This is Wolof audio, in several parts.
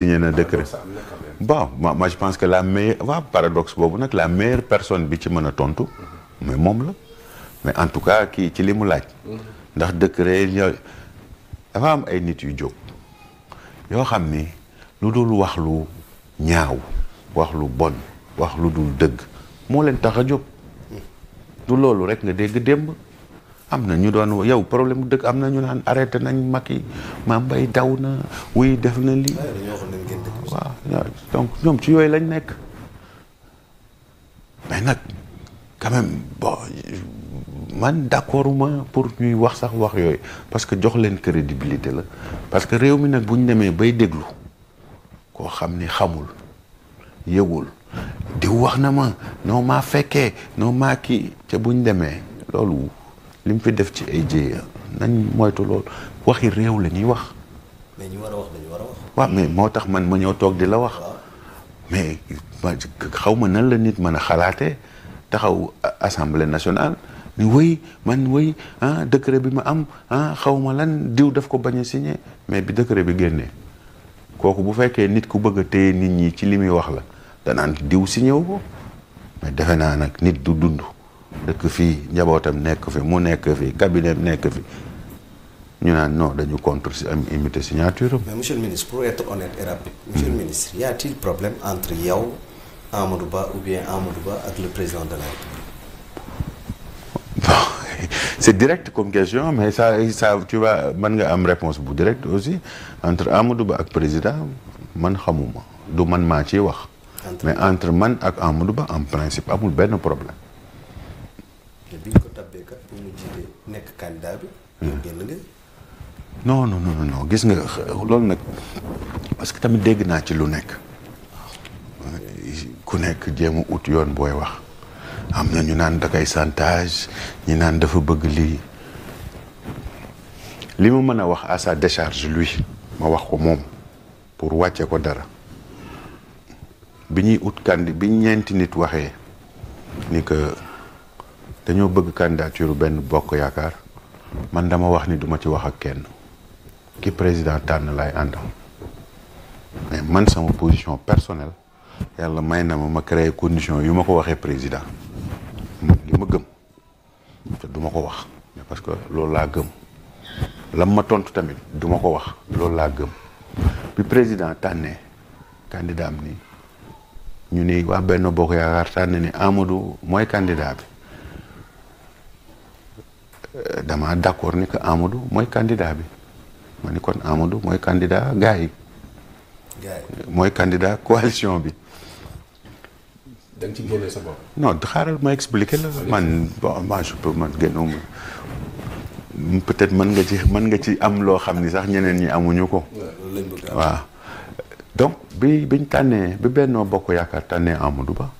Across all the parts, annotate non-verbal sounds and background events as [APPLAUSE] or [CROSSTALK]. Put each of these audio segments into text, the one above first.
signé na décret bon moi je pense que la meilleure waaw paradoxe boobu nag la meilleure personne bi ci mën a tontu mais moom la mais en tout cas kii ci li mu laaj ndax décret ñoo dafa am ay nit yu jóg yoo xam ni lu dul wax lu ñaaw wax lu bon wax lu dul dëgg moo leen tax a jóg du loolu rek nga dégg démb am na ñu doon yow problème bu dëkk am na ñu naan arrêté nañ mag yi Mame daw na wuy def na lii waaw donc ñoom ci yooyu lañ nekk mais nag quand même bon man d'accord pour ñuy wax sax wax yooyu parce que jox leen crédibilité la parce que réew mi nag bu ñu demee bay déglu koo xam ni xamul yëgul di wax na ma noo maa fekkee noo maa ki ca buñ demee loolu li fi def ci ay jéeya nañ moytu loolu waxi réew la ñuy wax. mais ñu war waaw mais moo tax man ma ñëw toog di la wax. mais xaw ma nan la nit mën a xalaatee taxaw assemblée nationale. ni wëy man wëy ah décret bi ma am ah, xawma lan diw def ko bañ si signé mais bi décret bi génnee kooku bu fekkee nit ku bëgg a téye nit ñi ci li muy wax la danaan diw si ñëw ko mais defe naa nag nit du dund. dëkk fii njabootam nekk fi mu nekk fi cabinet nekk fi ñu naan non dañu contre am imité signature mais monsieur le ministre pour être honnête et rapide. Hmm. problème entre yow Amadou Ba ou bien Amadou Ba ak le président de la République. [LAUGHS] direct comme question mais ça ça tu vois mën nga am réponse bu direct aussi entre Amadou Ba ak président man xamuma du man maa ciy wax. mais entre man ak Amadou Ba en principe amul benn problème. nekk candidat bi. Hmm. yow génn nga. non non non gis nga loolu nag parce que tamit dégg naa ci lu nekk ku nekk jéem a ut yoon booy wax am na ñu naan da koy chantage ñi naan dafa bëgg lii li ma mën a wax à sa décharge lui ma wax ko moom pour wàcce ko dara bi ñuy ut kandi bi ñeenti nit waxee ni que. dañoo bëgg candidature benn bokk yaakaar man dama wax ni duma ci wax ak kenn ki président tànn lay àndam mais man sama position personnelle yàlla may na ma ma créer condition yu ma ko waxee président man ma gëm te duma ko wax parce que loolu laa gëm lam ma tontu tamit duma ko wax loolu laa gëm bi président tànnee candidat ni ñu ni waa benn bokk yaakaar tànn ni Amadou mooy candidat bi Euh, dama d'accord ni que Amadou mooy candidat bi ma ni kon Amadou mooy candidat gaa yi. Euh, mooy candidat coalition bi. da nga ci génne sa bopp. non xaaral ma expliqué la man bon man je man génnuma peut-être mën nga ci mën nga ci am loo xam ni sax ñeneen ñi amuñu ko. waaw donc bi biñ tànnee bi benn Bokk Yaakaar tànnee Amadou Ba.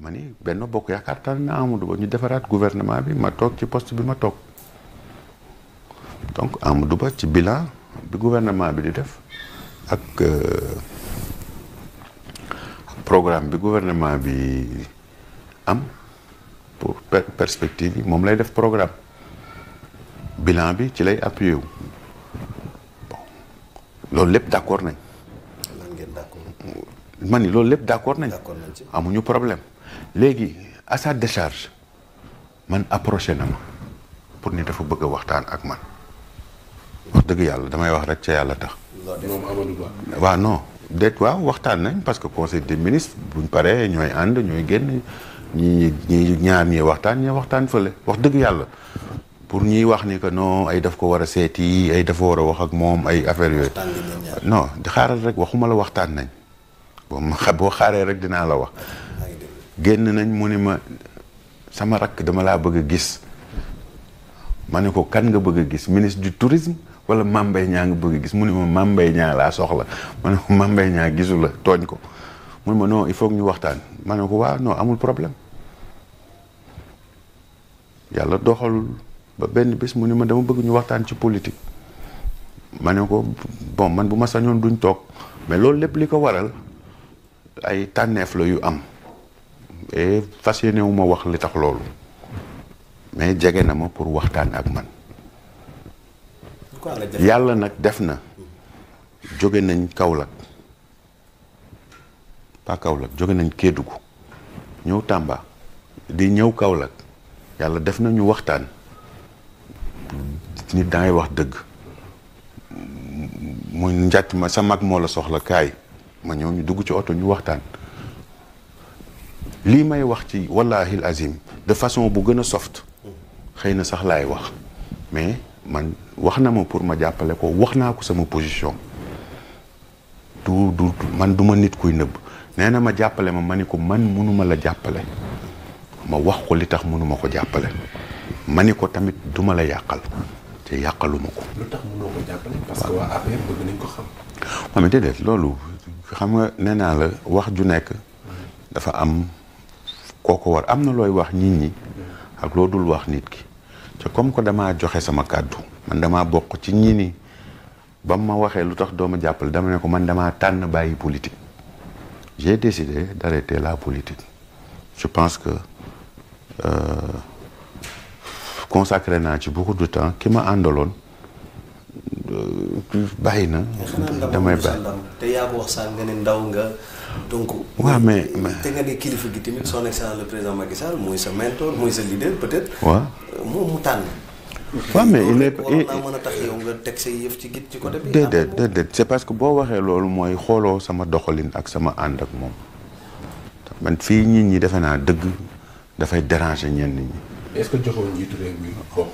ma ni Benno Bokk Yaakaar tànn na Amadou Ba ñu defaraat gouvernement bi ma toog ci poste bi ma toog donc Amadou Ba ci bilan bi gouvernement bi di def ak euh, programme bi gouvernement bi am pour perspective yi moom lay def programme bilan bi ci lay appuyé wu bon loolu lépp d'accord nañ. lan ngeen ma ni loolu lépp d'accord nañ. amuñu problème. léegi à sa décharge man approché na ma pour ni dafa bëgg a waxtaan ak man wax dëgg yàlla damay wax rek ca yàlla tax. waa non. déet waaw waxtaan nañ parce que conseil des ministres buñ paree ñooy ànd ñooy génn ñi ñi ñaar ñi waxtaan ñi waxtaan fële wax dëgg yàlla pour ñuy wax ni que non ay daf ko war a seeti ay dafa war a wax ak moom ay affaire yooyu non di xaaral rek waxuma la waxtaan nañ boo boo xaaree rek dinaa la wax génn nañ mu ne ma sama rakk dama laa bëgg a gis ma ne ko kan nga bëgg a gis ministre du tourisme wala Mame ñaa Niang nga bëgg a gis mu ne ma Mame Mbaye laa soxla ma ne ko [LAUGHS] Mame gisu la tooñ ko mu ne ma non il faut ñu waxtaan ma ne ko waaw non amul problème yàlla doxalul ba benn bés mu ne ma dama bëgg ñu waxtaan ci politique ma ne ko bon man bu ma sañoon duñ toog mais loolu lépp li ko waral ay tànneef la yu am et fas yéene ma wax li tax loolu mais jege na ma pour waxtaan ak man yàlla nag def na jóge nañ Kaolack pas Kaolack jóge nañ Kédougou ñëw Tamba di ñëw Kaolack yàlla def na ñu waxtaan nit dangay wax dëgg muy njàtt ma sa mag moo la soxla kaay ma ñëw ñu dugg ci oto ñu waxtaan lii may wax ci wallahi al azim de façon bu gën a soft xëy na sax laay wax mais man wax na ma pour ma jàppale ko wax naa ko sama position du du man du ma nit kuy nëbb nee na ma jàppale ma ma ni ko man mënuma la jàppale ma wax ko li tax mënuma ko jàppale ma ni ko tamit duma la yàqal te yàqaluma ko. que waa APR bëgg nañ ko xam. waaw mais xam nga nee naa la wax ju nekk dafa am. koo ko war am na looy wax nit ñi ak loo dul wax nit ki te comme que damaa joxe sama kàddu man damaa bokk ci ñi ni ba mu ma waxee lu tax dooma jàppale dama ne ko man damaa tànn bàyyi politique j'ai décidé d'arrêter la politique je pense que euh, consacré naa ci beaucoup de temps ki ma àndaloon euh, bàyyi na damay bàyyi te yaa ko wax sànq nga ne ndaw nga donc. waaw mais te nga ne kilifa gi tamit son excellence le président Macky Sall mooy sa mentor mooy sa leader peut-être. waaw euh, moom mu tànn. waaw mais il est a tax yow nga teg say yëf ci git ci côté bi. parce que boo waxee loolu mooy xooloo sama doxalin ak sama ànd ak moom man fii nit ñi defe naa dëgg dafay déranger ñenn ñi. est-ce que joxoon la. waaw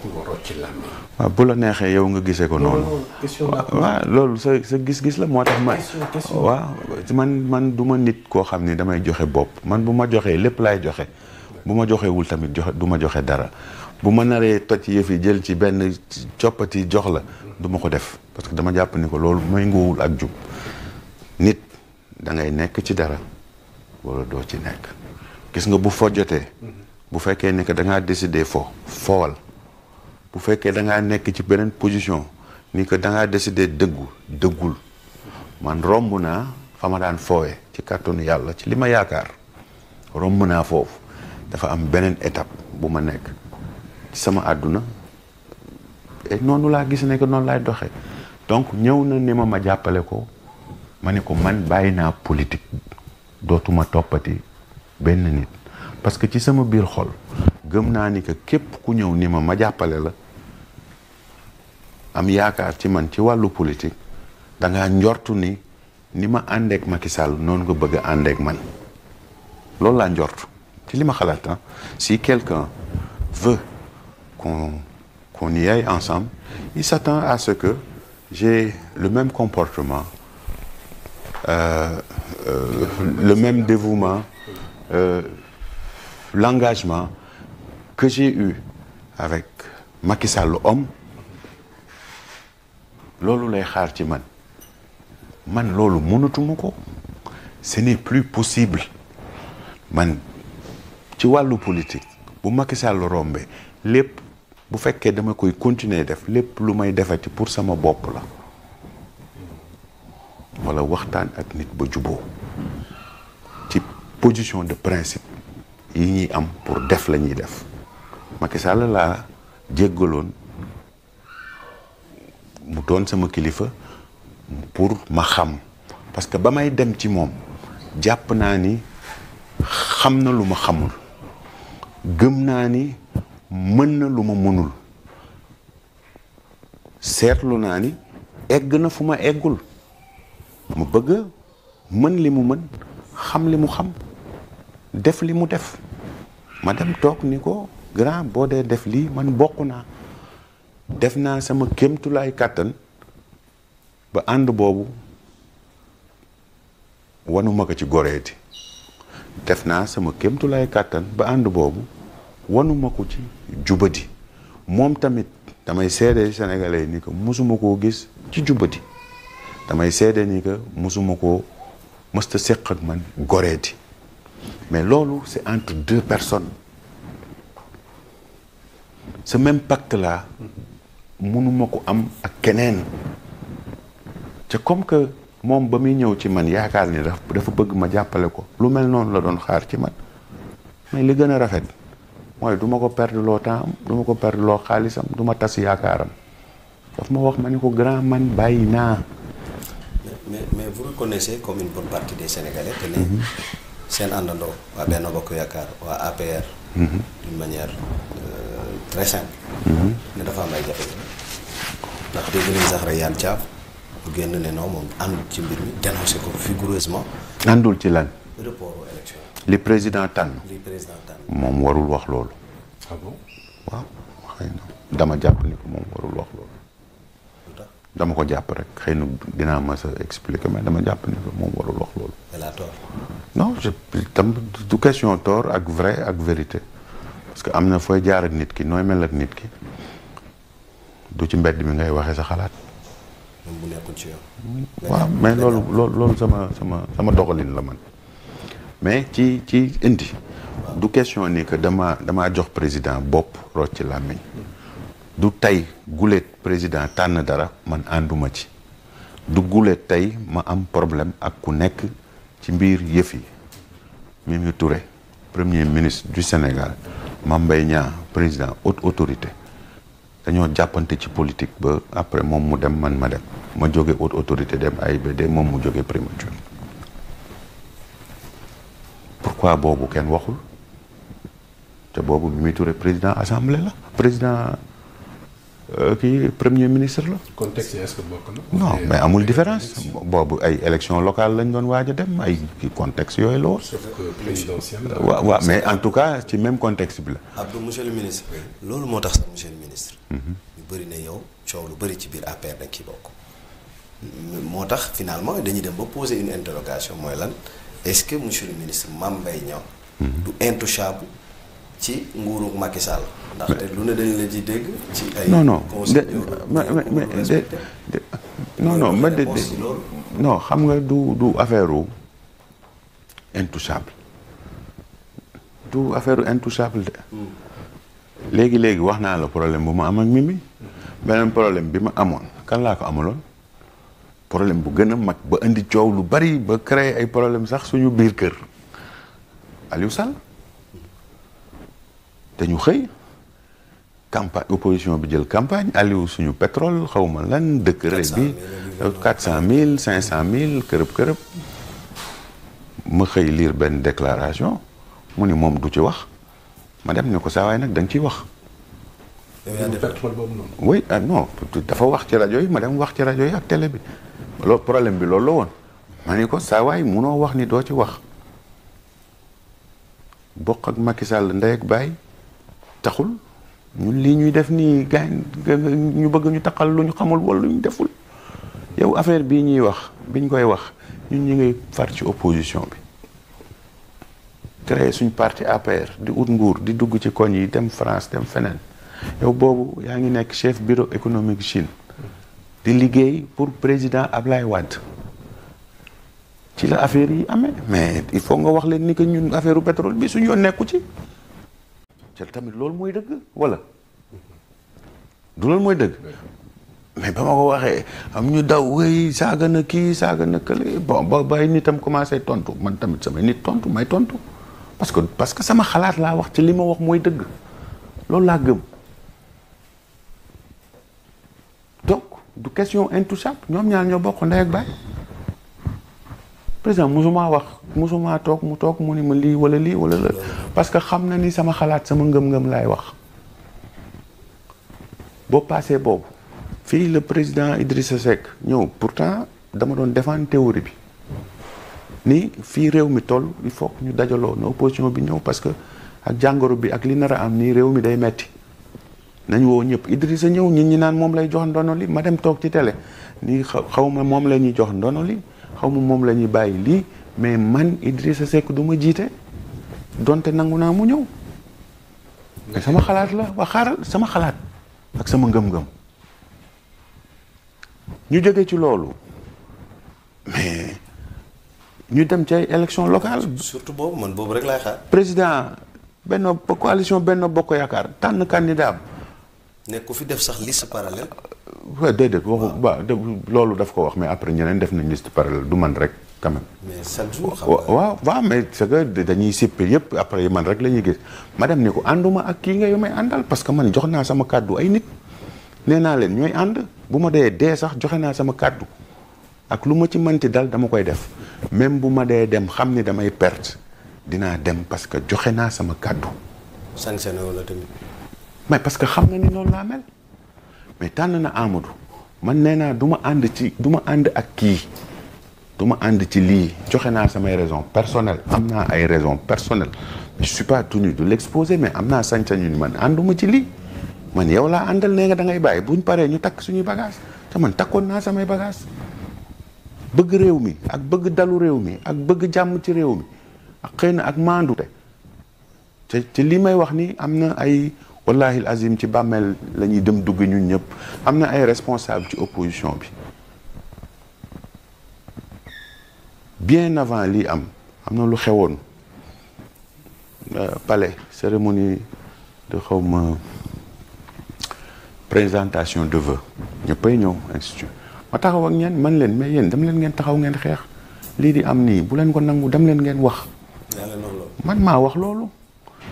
ah, bu la neexee yow nga gisee ko noonu. waaw loolu sa sa gis-gis la moo tax ma. waaw man man du ma nit koo xam ni damay joxe bopp man bu ma joxee lépp laay joxe. bu ma joxewul tamit joxe du ma joxe dara bu ma naree toj yëf yi jël ci benn coppati jox la duma ko def parce que dama jàpp ni ko loolu may nguwul ak jub nit da nekk ci dara wala doo ci nekk gis nga bu fojjotee. Mm-hmm. bu fekkee ne que da ngaa décider fo fowal bu fekkee da ngaa nekk ci beneen position ni que da ngaa décider dëggu dëggul man romb naa fa ma daan foowe ci kàttanu yàlla ci li ma yaakaar romb naa foofu dafa am beneen étape bu ma nekk sama àdduna et noonu laa gis ne que noonu laay doxee donc ñëw na ni ma ma jàppale ko ma ne ko man bàyyi naa politique dootuma toppati benn nit parce que ci sama biir xol gëm naa ni que képp ku ñëw ni ma ma jàppale la am yaakaar ci man ci wàllu politique da njortu ni ni ma àndeek Macky Sall noonu nga bëgg àndeek man loolu laa njortu ci li ma xalaat ah si quelqu'un veut qu'on qu'on y aille ensemble il s'attend ce que j'ai le même comportement euh, euh, le même dévouement euh, l'engagement que j'ai eu avec Macky Sall homme loolu lay xaar ci man man loolu mënatuma ko ce n'est plus possible man ci wàllu politique bu Macky Sall rombe lépp bu fekkee dama koy continuer def lépp lu may defati pour sama bopp la walla waxtaan ak nit ba juboo ci position de principe yi ñuy am pour def lañuy ñuy def Macky Sall laa jéggaloon mu doon sama kilifa pour ma xam parce que ba may dem ci moom jàpp naa ni xam na lu ma xamul gëm naa ni mën na lu ma mënul seetlu naa ni egg na fu ma eggul ma bëgg mën li mu mën xam li mu xam def li mu def ma dem toog ni ko grand boo dee def lii man bokku naa def naa sama kémtulaay kàttan ba ànd boobu wanuma ko ci goreeti def naa sama kémtulaay kàttan ba ànd boobu wanuma ko ci jubadi moom tamit damay seede sénégalais ni ko mosuma koo gis ci jubadi damay seede ni que mosuma koo mësta séq ak man goreeti mais loolu c' est entre deux personnes ce même pacte là mënuma ko am ak keneen te comme que moom ba muy ñëw ci man yaakaar ni dafa bëgg ma jàppale ko lu mel noonu la doon xaar ci man mais li gën a rafet mooy du ma ko perdre loo temps duma ko perdre loo xaalisam du ma tas yaakaaram daf ma wax ma ni ko grand man bàyyi naa. mais mais vous reconnaissez comme une bonne des Sénégalais seen àndandoo waa benn bokk yaakaar waa APR. Mhm. d'une manière euh, très simple. Mhm. ne dafa am ay jafe ndax dégg nañ sax rek Yann Thiaf bu génn ne non moom àndul ci mbir mi dénoncé ko vigoureusement. àndul ci lan. li président tànn. li président moom warul wax loolu. ah waaw xëy na dama jàpp ni ko moom warul wax loolu. dama ko jàpp rek xëy na dinaa ma sa expliquer mais dama jàpp ni que moom warul wax loolu. tam du question tort ak vrai ak vérité parce que am na fooy jaar ak nit ki nooy mel ak nit ki du ci mbedd mi ngay waxee sa xalaat. moom bu ci waaw mais loolu loolu sama sama sama doxalin la man mais ci ci indi. du question ni que dama damaa jox président bopp ci làmmiñ du tey gulet président tànn dara man ànduma ci du gulet tey ma am problème ak ku nekk ci mbir yëfi yi Mimi Touré premier ministre du Sénégal Mame Mbaye ñaa président haute autorité dañoo jàppante ci politique ba après moom mu dem man ma dem ma jóge haute autorité dem ay AIBD moom mu jóge primature pourquoi boobu kenn waxul te boobu Mimi Touré président assemblée la président Euh, kii premier ministre la. contexte est-ce bokk mais amul différence boobu ay élection locale lañ doon waaj a dem ay contexte yooyu la woon. sauf que waaw mais en tout cas ci même contexte bi la. après monsieur le ministre. loolu moo tax sa monsieur le ministre. Mhm. ñu bëri na yow coow lu bëri ci biir APR dañ ciy bokk. moo tax finalement dañuy dem ba poser une interrogation mooy lan est-ce que monsieur le ministre Mame Mbaye Niang. Mhm. du intouchable. ci nguuru Macky Sall. ndaxte lu ne dañ ci ay non non non ma de non xam nga du du affaire wu intouchable du affaire u intouchable de. Hmm. léegi léegi wax naa la problème bu ma am ak Mimi beneen problème bi ma amoon kan laa ko amaloon problème bu gën a mag ba indi coow lu bari ba créer ay problème sax suñu biir kër Aliou Sall. dañu ñu xëy campagne opposition bi jël campagne aliou suñu pétrole ma lan décret bi quatre cent mille cinq cent mille kërëb-kërëb ma xëy liir benn déclaration mu ni moom du ci wax ma dem ne ko saa nag da nga ciy wax pétrole boobu noonu oui ah dafa wax ci rajo yi ma dem wax ci rajo yi ak télé bi loolu problème bi loolu la woon ma ni ko saawaay waay munoo wax ni doo ci wax bokk ak Macky Sall ndey ak baay taxul ñun lii ñuy def nii gaañ ñu bëgg ñu taqal lu ñu xamul wala lu ñu deful yow affaire bii ñuy wax biñ koy wax ñu ñu ngi far ci opposition bi créer suñ parti APR di ut nguur di dugg ci koñ yi dem France dem feneen yow boobu yaa ngi nekk chef bureau économique Chine di liggéey pour président Ablaye wàdd ci la affaire yi amee mais il faut nga wax leen ni que ñun affaire u pétrole bi suñ yoon nekku ci te tamit loolu mooy dëgg wala du loolu mooy dëgg mais ba ma ko waxee am ñu daw wéy saaga na kii saaga na kële bon ba bay nitam commencé tontu man tamit samay nit tontu may tontu parce que parce que sama xalaat laa wax ci li ma wax mooy dëgg loolu laa gëm donc du question intouchable ñoom ñaar ñoo bokk ndey ak baay président mosumaa wax mosumaa toog mu toog mu ni ma lii wala lii wala la parce que xam na ni sama xalaat sama ngëm-ngëm laay wax boo passé boobu fii la président Idrissa Seck ñëw pourtant dama doon défendre théorie bi nii fii réew mi toll il faut ñu dajaloo na opposition bi ñëw parce que ak jàngoro bi ak li nar a am nii réew mi day metti nañ woo ñëpp Idrissa ñëw ñit ñu naan moom lay jox ndono li ma dem toog ci tele nii xaw ma moom la ñuy jox ndono li xaw ma moom la ñuy bàyyi lii mais man Idrissa Seck du ma jiite donte nangu naa mu ñëw sama xalaat la waa xaaral sama xalaat ak sama ngëm-ngëm ñu jóge ci loolu mais ñu dem ci ay élection locale surtout boobu man boobu rek laay xaar. président benn coalition benn bokk yaakaar tànn candidat nekk ku fi def sax liste parallèle. waaw déedéet waxu ba loolu daf ko wax mais après ñeneen def nañ liste parallèle du man rek quand même. mais sànq waaw waaw mais c'est que dañuy sippe yëpp après man rek la ñuy gis ma dem ni ko ànduma ak kii nga yu may àndal parce que man jox naa sama kàddu ay nit nee naa leen ñooy ànd bu ma dee dee sax joxe naa sama kàddu ak lu ma ci manti dal dama koy def même bu ma dee dem xam ni damay perte dinaa dem parce que joxe naa sama kàddu. sanctionné wala tamit. mais parce que xam nga ni noonu laa mel mais tànn na Amadou man nee naa duma ma ànd ci du ma ànd ak kii duma ma ànd ci lii joxe naa samay raison personnel am naa ay raison personnelle je suis pas tenu de l'exposer mais am naa sañ-sañu ni man ànduma ci lii man yow laa àndal nee nga da ngay bu buñ paree ñu takk suñuy bagage te man takkoon naa samay bagage bëgg réew mi ak bëgg dalu réew mi ak bëgg jàmm ci réew mi ak xëy na ak maandu te ci lii may wax nii am na ay wallahi azim ci bàmmeel lañuy dem dugg ñun ñëpp am na ay responsable ci opposition bi bien avant lii am am na lu xewoon euh, palais cérémonie de ma présentation de vœux ñëppay ñëw institut ma taxaw ak ñeen man leen may yéen dem leen ngeen taxaw ngeen xeex lii di am nii bu leen ko nangu dem leen ngeen wax man maa wax loolu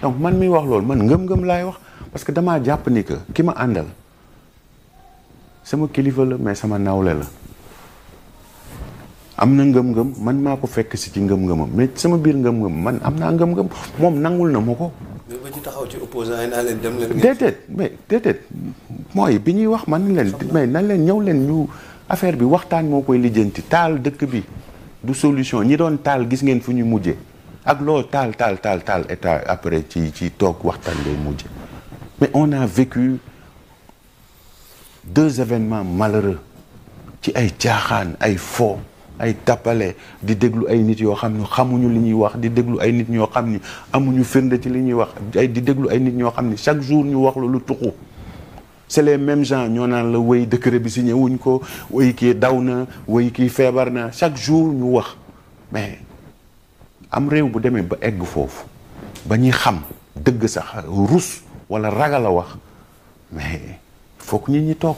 donc man mi wax loolu man ngëm-ngëm laay wax parce que damaa jàpp ni que ki ma àndal sama kilifa la mais sama nawle la am na ngëm-ngëm man maa ko fekk si ci ngëm-ngëmam mais sama biir ngëm-ngëm man am naa ngëm-ngëm moom nangul na mu ko. ba taxaw ci opposant yi dem leen. déedéet mais déedéet mooy bi ñuy wax man leen mais nan leen ñëw leen ñu affaire bi waxtaan moo koy lijjanti taal dëkk bi du solution ñi doon taal gis ngeen fu ñu mujjee ak loolu taal taal taal taal état après ci ci toog waxtaan lay mujjee. mais on a vécu deux événements malheureux ci ay caaxaan ay fo ay tappale di déglu ay nit yoo xam ne xamuñu li ñuy wax di déglu ay nit ñoo xam ni amuñu firnde ci li ñuy wax ay di déglu ay nit ñoo xam ni chaque jour ñu wax la lu tuxu c'est les mêmes gens ñoo naan la wéy décret bi si wuñ ko wéy kii daw na wéy kii feebar na chaque jour ñu wax mais am réew bu demee ba egg foofu ba ñuy xam dëgg sax rus wala ragal a wax mais foog nit ñi toog.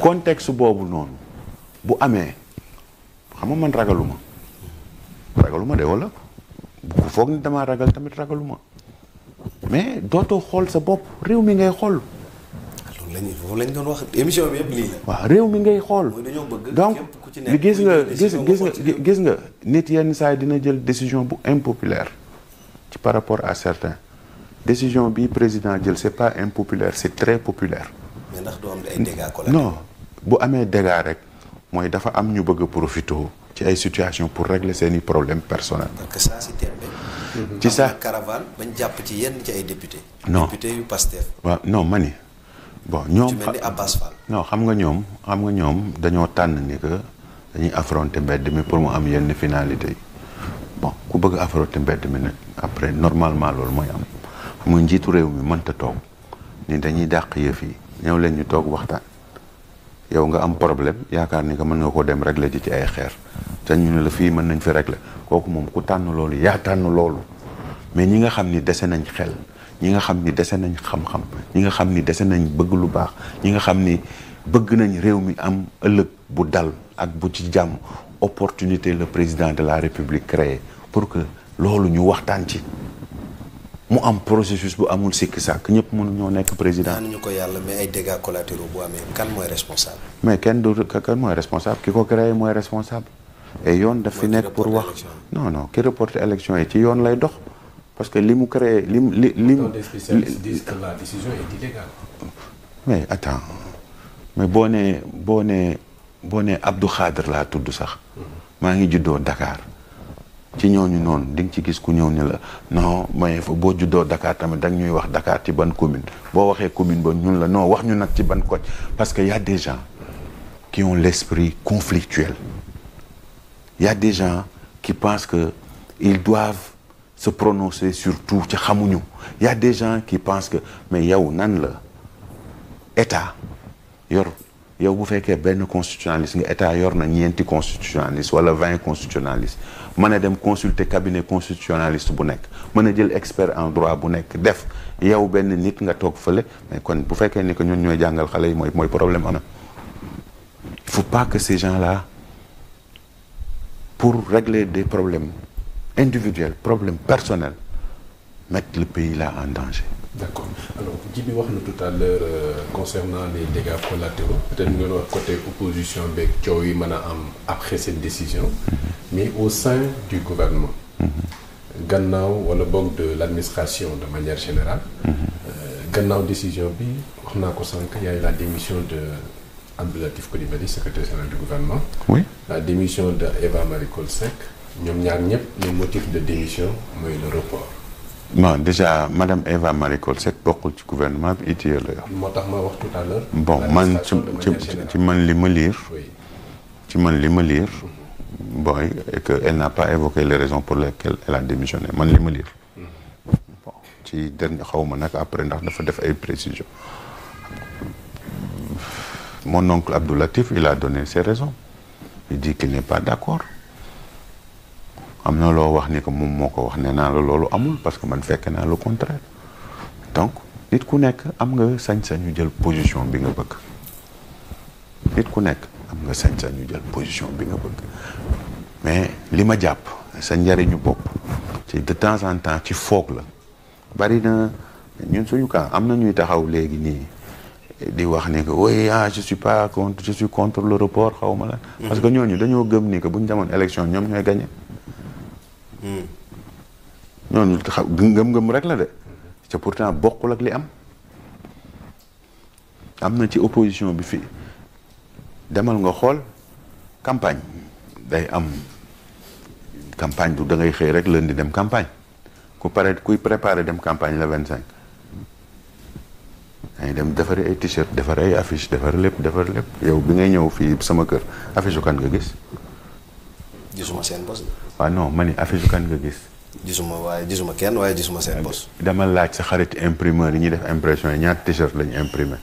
contexte boobu noonu bu amee xam nga man ragaluma ragaluma de wala bu foog ni damaa ragal tamit ragaluma mais dootoo xool sa bopp réew mi ngay xool. Ah, loolu lañ doon wax émission bi yëpp lii waaw réew mi ngay xool. donc li gis nga gis gis nga gis nga nit yenn saa yi dina jël décision bu impopulaire ci par rapport à certains. décision bi président jël c'est pas impopulaire c'est très populaire. mais ndax du am ay bu amee dégâts rek mooy dafa am ñu bëgg a profité ci ay situation pour régler seeni problème personnel. parce que saa si tembe. ci bañ jàpp ci yenn ci ay député. no député yu Pastef. waaw non ma bon ñoom. ci xam nga ñoom xam nga ñoom dañoo tànn ni que dañuy affronter mbedd mi pour mu am yenn finalité yi bon ku bëgg affronter mbedd mi nag après normalement loolu mooy am. muy njiitu réew mi mënta toog ni dañuy dàq yëf yi ñëw leen ñu toog waxtaan yow nga am problème yaakaar ni que mën nga koo dem régler ji ci ay xeer te ñu ne la fii mën nañ fi régler kooku moom ku tànn loolu yaa tànn loolu mais ñi nga xam ni dese nañ xel ñi nga xam ni dese nañ xam-xam ñi nga xam ni dese nañ bëgg lu baax ñi nga xam ni bëgg nañ réew mi am ëllëg bu dal ak bu ci jàmm opportunité le président de la république créé pour que loolu ñu waxtaan ci mu am processus bu amul sikk sàkk ñëpp mënu ñoo nekk président. daanuñu ko yàlla mais ay dégâts collatéraux bu amee kan mooy responsable. mais kenn du kan mooy responsable ki ko créé mooy responsable. et yoon daf fi nekk pour wax non non ki reporter élection yi ci yoon lay dox parce que li mu créé li mu li li mu. des spécialistes disent que la décision est illégale. mais attends mais boo nee boo nee boo nee Abdou Khadre laa tudd sax. Mm-hmm. maa ngi juddoo Dakar. ci ñëw ñu noonu di nga ci gis ku ñëw ne la non maye fa boo juddoo dakaar tamit da ñuy wax Dakar ci ban commune boo waxee commune ba ñun la non wax ñu nag ci ban koñ parce que y a des gens qui ont l'esprit conflictuel y des gens qui pensent que ils doivent se prononcer sur tout ci xamuñu y des gens qui pensent que mais yow nan la état yor yow bu fekkee benn constitutionnaliste nga état yor na ñeenti constitutionnaliste wala vingt constitutionnaliste mën a dem consulter cabinet constitutionnaliste bu nekk mën a jël expert en droit bu nekk def yow benn nit nga toog fële mais kon bu fekkee ni que ñun ñooy jàngal xale yi mooy mooy problème am na il faut que ces gens-là pour régler des problèmes individuels problème personnels mettent le pays là en danger d'accord alors Djibi wax na tout à l'heure euh, concernant les dégâts collatéraux peut-être ngeen wax côté opposition beeg coow yi mën a am après cette décision mm-hmm. mais au sein du gouvernement mm-hmm. gannaaw wala boog de l'administration de manière générale mm-hmm. euh, gannaaw décision bi wax naa ko sànq yaay la démission de Abdou Latif Coulibaly secrétaire général du gouvernement oui la démission de Eva Marie Coll Seck ñoom ñaar ñëpp les motifs de démission mooy le report bon déjà madame Eva Marie Coll bokkul ci gouvernement bi ITIE la moo tax ma wax tout à l'heure. bon man ci ci man li ma lire. ci man li ma lire. bon et que elle n'a pas évoqué les raisons pour lesquelles elle a démissionné man li ma lire. bon ci dernier xaw ma nag après ndax dafa def ay précisions. mon oncle Abdou Latif il a donné ses raisons. il dit qu'il n'est pas d'accord. am na loo wax ni que moom moo ko wax ne naa la loolu amul parce que man fekk naa le contraire donc nit ku nekk am nga sañ-sañu jël position bi nga bëgg nit ku nekk am nga sañ-sañu jël position bi nga bëgg mais li ma jàpp sa njariñu bopp ci de temps en temps ci foog la bari na ñun suñu cas am na ñuy taxaw léegi nii di wax ni que oui ah je suis pas contre je suis contre le report xaw ma la parce que ñooñu dañoo gëm ni que buñ demoon élection ñoom ñooy gagné. ñooñu hmm. xam ngëm-ngëm rek la de ce te pourtant bokkul ak li am am na ci opposition bi fii demal nga xool campagne day am campagne du dangay xëy rek lundi dem campagne ku pare kuy préparer dem campagne la vingt cinq dañuy dem defari ay t-shirt defar ay affiche defar lépp defar lépp yow bi ngay ñëw fii sama kër affiche u kan nga gis seen bos waaw ah, non ma ni affiche kan nga gis. gisuma waaye gisuma kenn waaye gisuma seen bos. dama laaj sa xarit imprimeur yi ñuy def impression yi ñaata t-shirt lañu imprimé.